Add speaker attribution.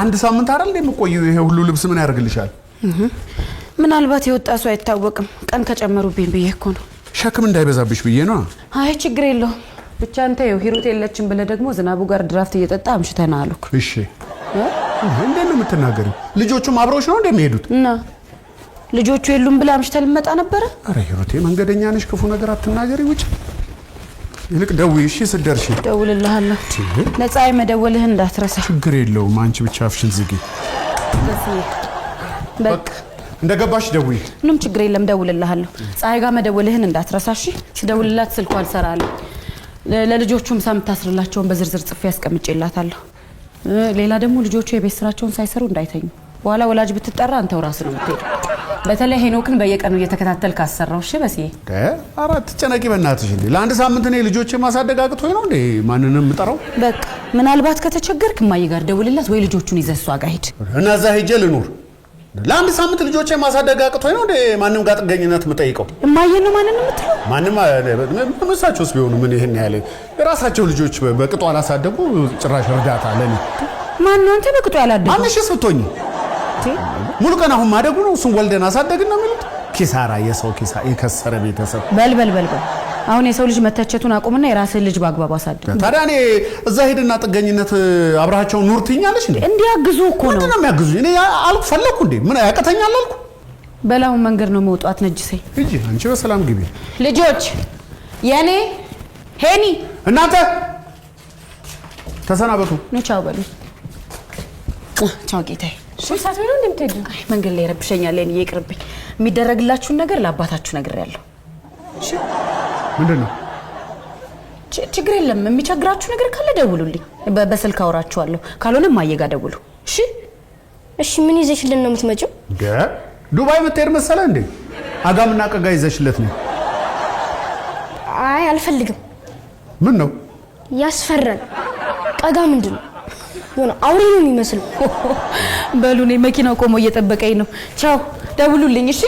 Speaker 1: አንድ ሳምንት አይደል እንደምቆየው ይሄ ሁሉ ልብስ ምን ያደርግልሻል?
Speaker 2: ምናልባት የወጣ ሰው አይታወቅም። ቀን ከጨመሩብኝ ብዬ እኮ ነው።
Speaker 1: ሸክም እንዳይበዛብሽ ብዬ ነው።
Speaker 2: አይ ችግር የለውም። ብቻ አንተ ይኸው ሂሩት የለችም ብለህ ደግሞ ዝናቡ ጋር ድራፍት እየጠጣ አምሽተና አሉክ።
Speaker 1: እሺ እንዴት ነው የምትናገሪ? ልጆቹም አብረውሽ ነው እንደሚሄዱት
Speaker 2: እና ልጆቹ የሉም ብለህ አምሽተህ ልመጣ ነበረ።
Speaker 1: አረ ሂሩቴ መንገደኛ ነሽ፣ ክፉ ነገር አትናገሪ። ውጭ ይልቅ ደውዬ እሺ፣ ስትደርሺ
Speaker 2: እደውልልሃለሁ። ነፃዬ መደወልህን እንዳትረሳ።
Speaker 1: ችግር የለውም። አንቺ ብቻ አፍሽን ዝጊ። በቃ እንደገባሽ ደውዪ።
Speaker 2: ምንም ችግር የለም። እደውልልሃለሁ። ፀሐይ ጋር መደወልህን እንዳትረሳ እሺ። ስደውልላት ስልኳ አልሰራለሁ። ለልጆቹም ሳምታስርላቸውን በዝርዝር ጽፌ ያስቀምጬላታለሁ። ሌላ ደግሞ ልጆቹ የቤት ስራቸውን ሳይሰሩ እንዳይተኙ። በኋላ ወላጅ ብትጠራ አንተው ራስህ ነው የምትሄደው። በተለይ ሄኖክን በየቀኑ እየተከታተል ካሰራው እሺ በሲ
Speaker 1: አራት ጨነቂ በእናትሽ እንዴ ለአንድ ሳምንት እኔ ልጆች ማሳደግ አቅቶኝ ነው እንዴ ማንንም ምጠራው
Speaker 2: በቃ ምናልባት ከተቸገርክ እማዬ ጋር ደውልላት ወይ ልጆቹን ይዘህ እሷ ጋር ሂድ
Speaker 1: እና እዛ ሄጄ ልኑር ለአንድ ሳምንት ልጆቼ ማሳደግ አቅቶኝ ነው እንዴ ማንም ጋር ጥገኝነት የምጠይቀው
Speaker 2: እማዬ ነው ማንን የምትለው
Speaker 1: ማንም መሳቸውስ ቢሆኑ ምን ይህን ያለ የራሳቸው ልጆች በቅጡ አላሳደጉ ጭራሽ እርዳታ ለኔ
Speaker 2: ማን ነው አንተ በቅጡ ያላደጉ
Speaker 1: አንሽስ ብትሆኝ ሙሉ ቀን አሁን ማደጉ ነው። እሱን ወልደን አሳደግን ነው የሚሉት። ኪሳራ፣ የሰው ኪሳ፣ የከሰረ ቤተሰብ
Speaker 2: በል በል በል በል አሁን የሰው ልጅ መተቸቱን አቁምና የራስህን ልጅ በአግባቡ አሳድግ።
Speaker 1: ታዲያ እኔ እዛ ሄድና ጥገኝነት አብረሃቸውን ኑር ትይኛለሽ እንዴ?
Speaker 2: እንዲያግዙ እኮ ነው።
Speaker 1: ምንድን ነው የሚያግዙ? እኔ አልኩ ፈለግኩ እንዴ ምን ያቀተኛል አልኩ።
Speaker 2: በላሁን መንገድ ነው መውጣት። ነጅሰኝ
Speaker 1: እጂ አንቺ በሰላም ግቢ።
Speaker 2: ልጆች የኔ ሄኒ
Speaker 1: እናንተ ተሰናበቱ
Speaker 2: ነው። ቻው በሉ። ቻው ጌታዬ። ሰዓት ነው እንደምትሄዱ? አይ መንገድ ላይ ረብሸኛል። ለኔ ይቅርብኝ። የሚደረግላችሁን ነገር ለአባታችሁ ነግሬያለሁ።
Speaker 1: እሺ ምንድን ነው?
Speaker 2: ችግር የለም። የሚቸግራችሁ ነገር ካለ ደውሉልኝ፣ በስልክ አወራችኋለሁ። ካልሆነም ማየጋ ደውሉ። እሺ እሺ። ምን ይዘሽልን ነው የምትመጪው?
Speaker 1: ዱባይ የምትሄድ መሰለ እንዴ? አጋምና ቀጋ ይዘሽለት ነው።
Speaker 2: አይ አልፈልግም። ምን ነው ያስፈራል? ቀጋ ምንድን ነው? የሆነ አውሬ ነው የሚመስል። በሉ እኔ መኪናው ቆሞ እየጠበቀኝ ነው። ቻው፣ ደውሉልኝ እሺ።